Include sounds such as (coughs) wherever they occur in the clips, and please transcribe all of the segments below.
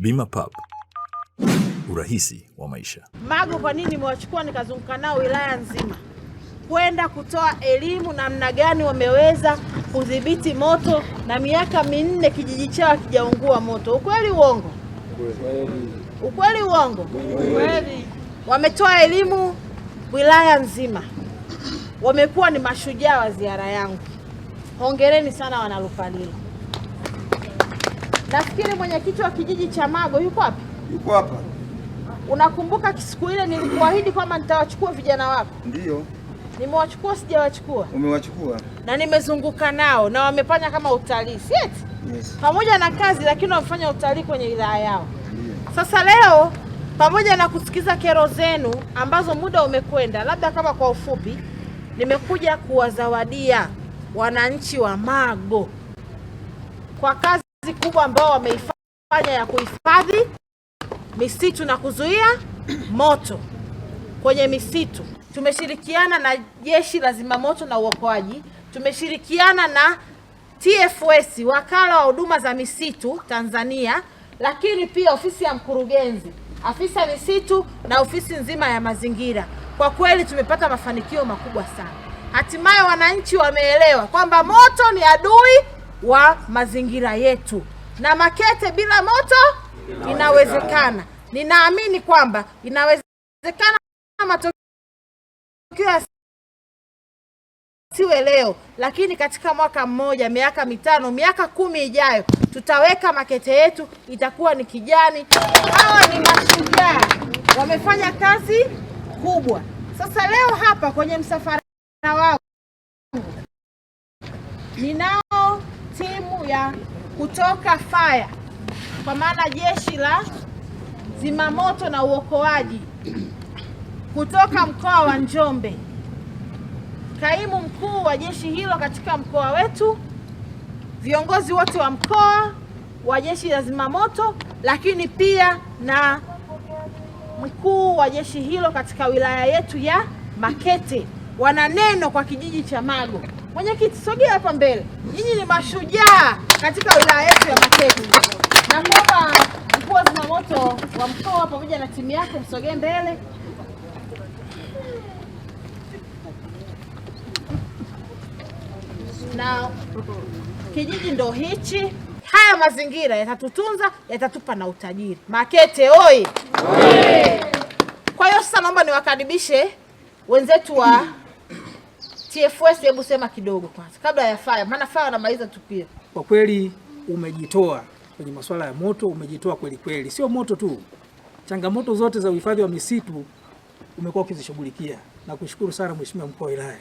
Bima Pub, urahisi wa maisha. Mago, kwa nini nimewachukua nikazunguka nao wilaya nzima kwenda kutoa elimu namna gani wameweza kudhibiti moto, na miaka minne kijiji chao hakijaungua moto. Ukweli uongo? Ukweli uongo? Ukweli. Wametoa elimu wilaya nzima, wamekuwa ni mashujaa wa ziara yangu. Hongereni sana wanarupalilo. Nafikiri mwenyekiti wa kijiji cha Mago yuko wapi? yuko hapa. Unakumbuka siku ile nilikuahidi kwamba nitawachukua vijana wako? Ndio. Nimewachukua sijawachukua? Umewachukua. Na nimezunguka nao na wamefanya kama utalii, si eti? Yes. Pamoja na kazi lakini wamefanya utalii kwenye wilaya yao. Ndio. Sasa leo pamoja na kusikiza kero zenu ambazo muda umekwenda, labda kama kwa ufupi, nimekuja kuwazawadia wananchi wa Mago kwa kazi kazi kubwa ambao wameifanya ya kuhifadhi misitu na kuzuia moto kwenye misitu. Tumeshirikiana na jeshi la zimamoto na uokoaji, tumeshirikiana na TFS, wakala wa huduma za misitu Tanzania, lakini pia ofisi ya mkurugenzi, afisa misitu na ofisi nzima ya mazingira. Kwa kweli tumepata mafanikio makubwa sana. Hatimaye wananchi wameelewa kwamba moto ni adui wa mazingira yetu, na Makete bila moto inawezekana, Ninaamini kwamba inawezekana matokeo yasiwe leo, lakini katika mwaka mmoja, miaka mitano, miaka kumi ijayo tutaweka Makete yetu itakuwa ni kijani. Hawa ni mashujaa, wamefanya kazi kubwa. Sasa leo hapa kwenye msafara wao ninao ya kutoka fire kwa maana jeshi la zimamoto na uokoaji kutoka mkoa wa Njombe, kaimu mkuu wa jeshi hilo katika mkoa wetu, viongozi wote wa mkoa wa jeshi la zimamoto, lakini pia na mkuu wa jeshi hilo katika wilaya yetu ya Makete, wana neno kwa kijiji cha Mago. Mwenyekiti, sogea hapa mbele. Nyinyi ni mashujaa katika wilaya yetu ya Makete. Nakuomba mkuu wa zimamoto wa mkoa pamoja na timu yako msogee mbele. Na kijiji ndo hichi. Haya mazingira yatatutunza, yatatupa na utajiri. Makete oi! Kwa hiyo sasa, naomba niwakaribishe wenzetu wa TFS, hebu sema kidogo kwanza kabla ya faya, maana faya anamaliza tu pia. Kwa kweli umejitoa kwenye masuala ya moto, umejitoa kweli kweli. Sio moto tu, changamoto zote za uhifadhi wa misitu umekuwa ukizishughulikia. Nakushukuru sana Mheshimiwa mkuu wa wilaya.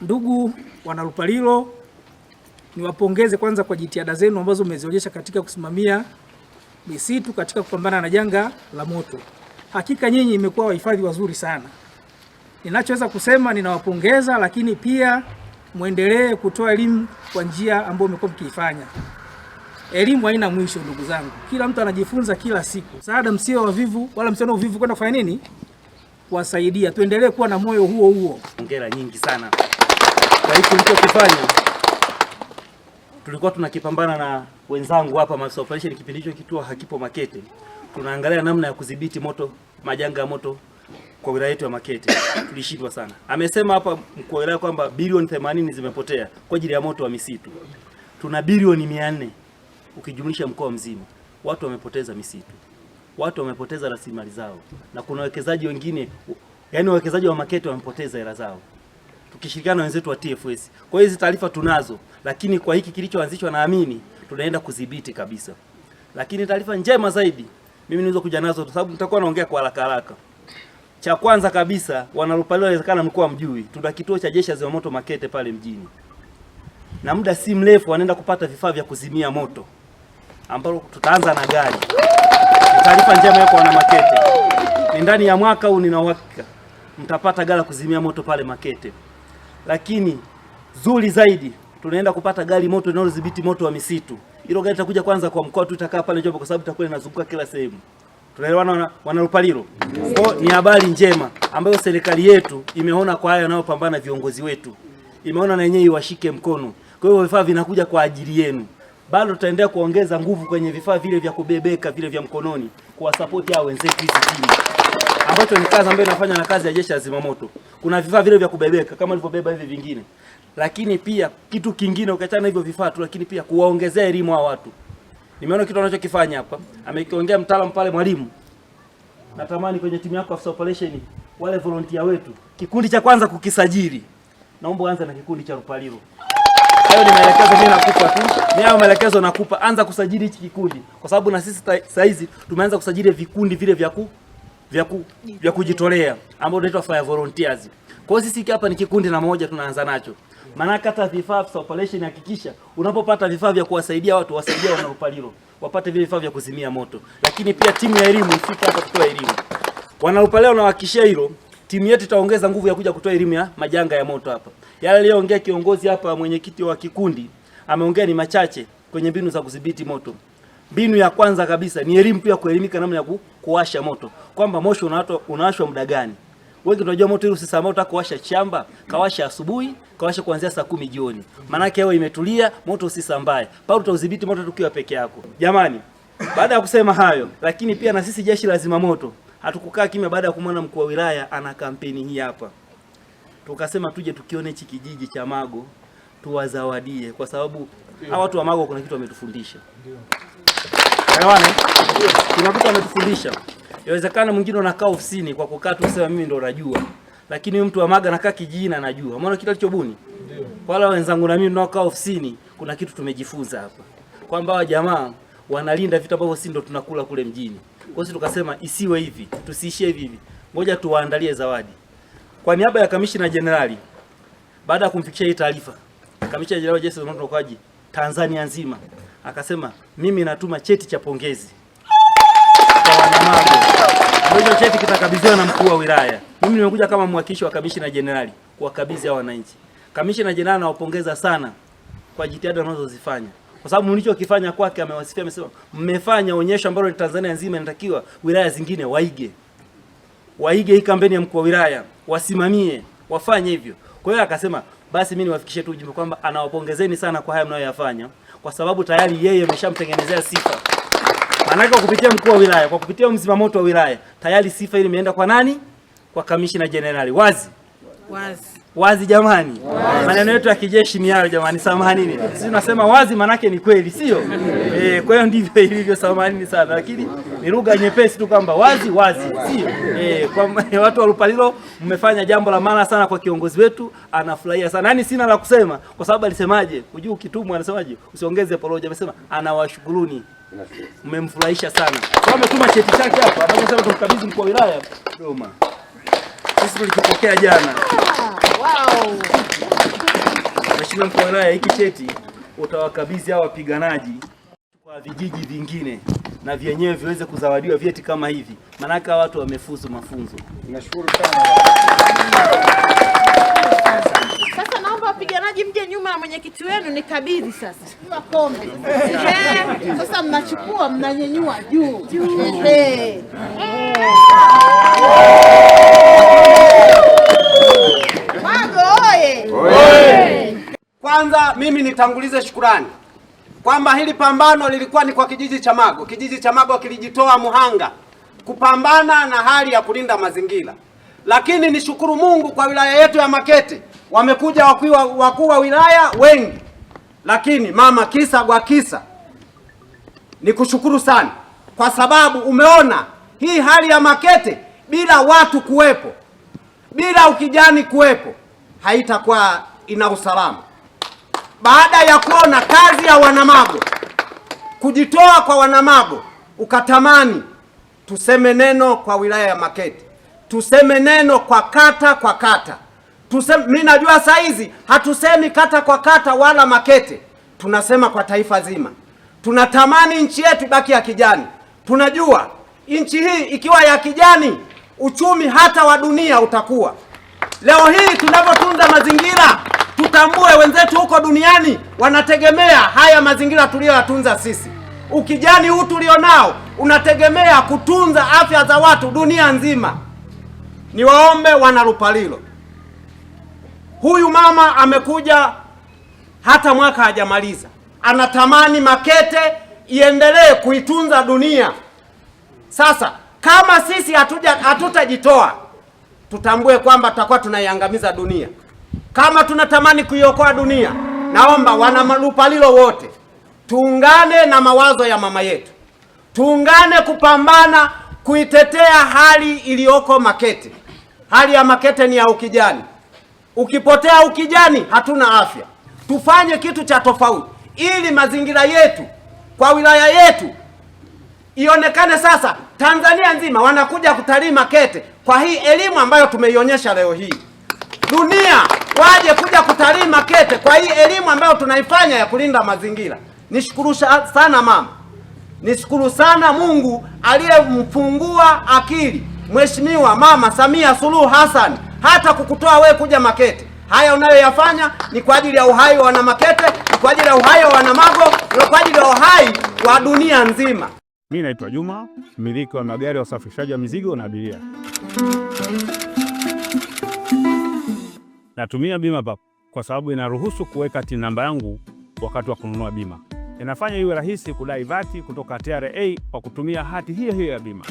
Ndugu wanarupalilo, niwapongeze kwanza kwa jitihada zenu ambazo mmezionyesha katika kusimamia misitu katika kupambana na janga la moto. Hakika nyinyi imekuwa wahifadhi wazuri sana. Ninachoweza kusema ninawapongeza, lakini pia mwendelee kutoa elimu kwa njia ambayo mmekuwa mkiifanya. Elimu haina mwisho ndugu zangu, kila mtu anajifunza kila siku. Msaada, msio wavivu wala msio na uvivu kwenda kufanya nini, kuwasaidia. Tuendelee kuwa na moyo huo huo. Hongera nyingi sana kwa hiki mlichokifanya. Tulikuwa tunakipambana na wenzangu hapa maafisa kipindi hicho kituo hakipo Makete, tunaangalia namna ya kudhibiti moto, majanga ya moto kwa wilaya yetu ya Makete (coughs) tulishindwa sana. Amesema hapa mkuu wa wilaya kwamba bilioni 80 zimepotea kwa ajili ya moto wa misitu. Tuna bilioni 400 ukijumlisha mkoa mzima. Watu wamepoteza misitu, watu wamepoteza rasilimali zao, na kuna wawekezaji wengine, yani wawekezaji wa Makete wamepoteza hela zao, tukishirikiana na wenzetu wa TFS. Kwa hiyo hizi taarifa tunazo, lakini kwa hiki kilichoanzishwa, naamini tunaenda kudhibiti kabisa. Lakini taarifa njema zaidi mimi niweza kuja nazo, kwa sababu nitakuwa naongea kwa haraka haraka. Cha kwanza kabisa Wanarupalile inawezekana mlikuwa mjui, tuna kituo cha jeshi la zimamoto Makete pale mjini, na muda si mrefu wanaenda kupata vifaa vya kuzimia moto ambapo tutaanza na gari. Taarifa njema yako wana Makete, ni ndani ya mwaka huu nina uhakika mtapata gari la kuzimia moto pale Makete. Lakini zuri zaidi tunaenda kupata gari moto linalodhibiti moto wa misitu. Hilo gari litakuja kwanza kwa mkoa tu, itakaa pale Njombe kwa sababu itakuwa inazunguka kila sehemu tunaelewana wanarupalilo kwa ni habari njema ambayo serikali yetu imeona kwa haya yanayopambana viongozi wetu, imeona na yenyewe iwashike mkono. Kwa hiyo vifaa vinakuja kwa ajili yenu, bado tutaendelea kuongeza nguvu kwenye vifaa vile vya kubebeka vile vya mkononi, kuwasapoti hao wenzetu hizi timu, ambacho ni kazi ambayo inafanywa na kazi ya jeshi la zimamoto. Kuna vifaa vile vya kubebeka kama alivyobeba hivi vingine, lakini pia kitu kingine ukiachana hivyo vifaa tu, lakini pia kuwaongezea elimu hao watu Nimeona kitu anachokifanya hapa, amekiongea mtaalamu pale, mwalimu. Natamani kwenye timu yako afisa operation, wale volunteer wetu, kikundi cha kwanza kukisajili, naomba uanze na kikundi cha Rupaliro. Hayo ni maelekezo mimi nakupa tu, ni hayo maelekezo nakupa, anza kusajili hichi kikundi, kwa sababu na sisi saa hizi tumeanza kusajili vikundi vile vya ku vya ku vya kujitolea ambao tunaitwa fire volunteers. Kwa hiyo sisi hapa ni kikundi na moja tunaanza nacho. Maanake hata vifaa vya operation, hakikisha unapopata vifaa vya kuwasaidia watu, wasaidia wanaupalilo wapate vile vifaa vya kuzimia moto. Lakini pia timu ya elimu ifika hapa kutoa elimu wanaupaleo, nawahakikishia hilo timu yetu itaongeza nguvu ya kuja kutoa elimu ya majanga ya moto hapa. Yale aliyoongea kiongozi hapa, mwenyekiti wa kikundi ameongea ni machache kwenye mbinu za kudhibiti moto. Mbinu ya kwanza kabisa ni elimu, pia kuelimika namna ya kuwasha moto, kwamba moshi unawashwa muda gani. Wengi tunajua moto ile usisema unataka kuwasha shamba, kawasha asubuhi, kawasha kuanzia saa kumi jioni. maanake hewa imetulia, moto usisambae. Pale utaudhibiti moto tukiwa peke yako. Jamani, baada ya kusema hayo, lakini pia na sisi jeshi la zimamoto hatukukaa kimya baada ya kumwona mkuu wa wilaya ana kampeni hii hapa. Tukasema tuje tukione hichi kijiji cha Mago tuwazawadie kwa sababu hawa watu wa Mago kuna kitu wametufundisha. Ndio. Kuna kitu wametufundisha. Inawezekana mwingine unakaa ofisini kwa kukaa tu sema mimi ndo najua. Lakini mtu wa Maga anakaa kijijini anajua. Umeona kitu alichobuni? Ndio. Kwa wale wenzangu na mimi tunaokaa ofisini kuna kitu tumejifunza hapa. Kwamba hawa jamaa wanalinda vitu ambavyo sisi ndo tunakula kule mjini. Kwa hiyo tukasema isiwe hivi, tusiishie hivi hivi. Ngoja tuwaandalie zawadi. Kwa niaba ya Kamishna Jenerali baada ya kumfikishia hii taarifa, Kamishna Jenerali Jesse Mwandokaji Tanzania nzima akasema mimi natuma cheti cha pongezi kwa wanamago. Kwa cheti kitakabidhiwa na mkuu wa wilaya. Mimi nimekuja kama mwakilishi wa kamishina jenerali kuwakabidhi hao wananchi. Kamishina jenerali nawapongeza sana kwa jitihada wanazozifanya kwa sababu mlichokifanya kwake amewasifia, amesema mmefanya onyesho ambalo ni Tanzania nzima inatakiwa wilaya zingine waige, waige hii kampeni ya mkuu wa wilaya, wasimamie wafanye hivyo. Kwa hiyo akasema basi mimi niwafikishie tu ujumbe kwamba anawapongezeni sana kwa haya mnayoyafanya, kwa sababu tayari yeye ameshamtengenezea sifa. Maanake kwa kupitia mkuu wa wilaya, kwa kupitia mzima moto wa wilaya, tayari sifa hili imeenda kwa nani? Kwa kamishina jenerali. Wazi wazi wazi, jamani, maneno yetu ya kijeshi ni hayo jamani, samahanini. Sisi tunasema wazi, maanake ni kweli, sio eh? Kwa hiyo ndivyo ilivyo, samahanini sana, lakini ni lugha nyepesi tu kwamba wazi wazi, sio eh? Kwa (laughs) watu wa Lupalilo, mmefanya jambo la maana sana kwa kiongozi wetu, anafurahia sana yani, sina la kusema kwa sababu alisemaje? Hujui ukitumwa anasemaje? Usiongeze poroja. Amesema anawashukuruni mmemfurahisha sana. Kwa ametuma cheti chake hapa anaposema tumkabidhi mkuu wa wilaya Dodoma. Sisi tulikipokea jana. Wow. Mheshimiwa mkuu wa wilaya, hiki cheti utawakabidhi hao wapiganaji kwa vijiji vingine na vyenyewe viweze kuzawadiwa vyeti kama hivi, maanake watu wamefuzu mafunzo. Tunashukuru sana mpiganaji mje nyuma ya mwenyekiti wenu kabidhi sasa kombe. Eh. Eh, sasa mnachukua mnanyenyua juu eh. kwanza mimi nitangulize shukurani kwamba hili pambano lilikuwa ni kwa kijiji cha Mago. Kijiji cha Mago kilijitoa muhanga kupambana na hali ya kulinda mazingira, lakini nishukuru Mungu kwa wilaya yetu ya Makete wamekuja wakuu wa wilaya wengi, lakini mama, kisa kwa kisa ni kushukuru sana, kwa sababu umeona hii hali ya Makete bila watu kuwepo, bila ukijani kuwepo, haitakuwa ina usalama. Baada ya kuona kazi ya Wanamago, kujitoa kwa Wanamago, ukatamani tuseme neno kwa wilaya ya Makete, tuseme neno kwa kata kwa kata Tuseme, mimi najua saa hizi hatusemi kata kwa kata wala Makete, tunasema kwa taifa zima. Tunatamani nchi yetu baki ya kijani. Tunajua nchi hii ikiwa ya kijani, uchumi hata wa dunia utakuwa. Leo hii tunapotunza mazingira, tutambue wenzetu huko duniani wanategemea haya mazingira tuliyoyatunza sisi. Ukijani huu tulionao unategemea kutunza afya za watu dunia nzima. Niwaombe wana Lupalilo Huyu mama amekuja hata mwaka hajamaliza, anatamani Makete iendelee kuitunza dunia. Sasa kama sisi hatuja hatutajitoa, tutambue kwamba tutakuwa tunaiangamiza dunia. Kama tunatamani kuiokoa dunia, naomba wana wanamalupalilo wote tuungane na mawazo ya mama yetu, tuungane kupambana kuitetea hali iliyoko Makete. Hali ya Makete ni ya ukijani ukipotea ukijani, hatuna afya. Tufanye kitu cha tofauti ili mazingira yetu kwa wilaya yetu ionekane sasa Tanzania nzima wanakuja kutalii Makete kwa hii elimu ambayo tumeionyesha leo hii, dunia waje kuja kutalii Makete kwa hii elimu ambayo tunaifanya ya kulinda mazingira. Nishukuru sana mama, nishukuru sana Mungu aliyemfungua akili Mheshimiwa Mama Samia Suluhu Hassan hata kukutoa wewe kuja Makete. Haya unayoyafanya ni kwa ajili ya uhai wa wana Makete, ni kwa ajili ya uhai wa wana Mago, ni kwa ajili ya uhai wa dunia nzima. Mimi naitwa Juma, mmiliki wa magari ya usafirishaji wa mizigo na abiria. Natumia bima papo kwa sababu inaruhusu kuweka TIN namba yangu wakati wa kununua bima. Inafanya iwe rahisi kudai vati kutoka TRA kwa kutumia hati hiyo hiyo ya bima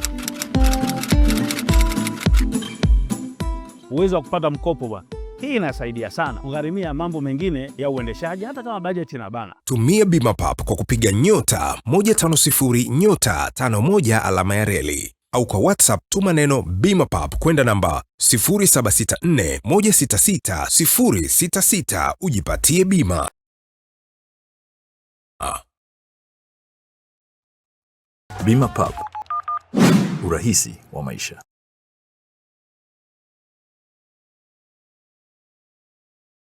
uwezo wa kupata mkopo bwana. Hii inasaidia sana kugharimia mambo mengine ya uendeshaji hata kama bajeti bana Tumia Bima Pap kwa kupiga nyota 150 nyota 51 alama ya reli au kwa WhatsApp tuma neno Bima Pap kwenda namba 0764166066 ujipatie bima. Bima Pap, urahisi wa maisha.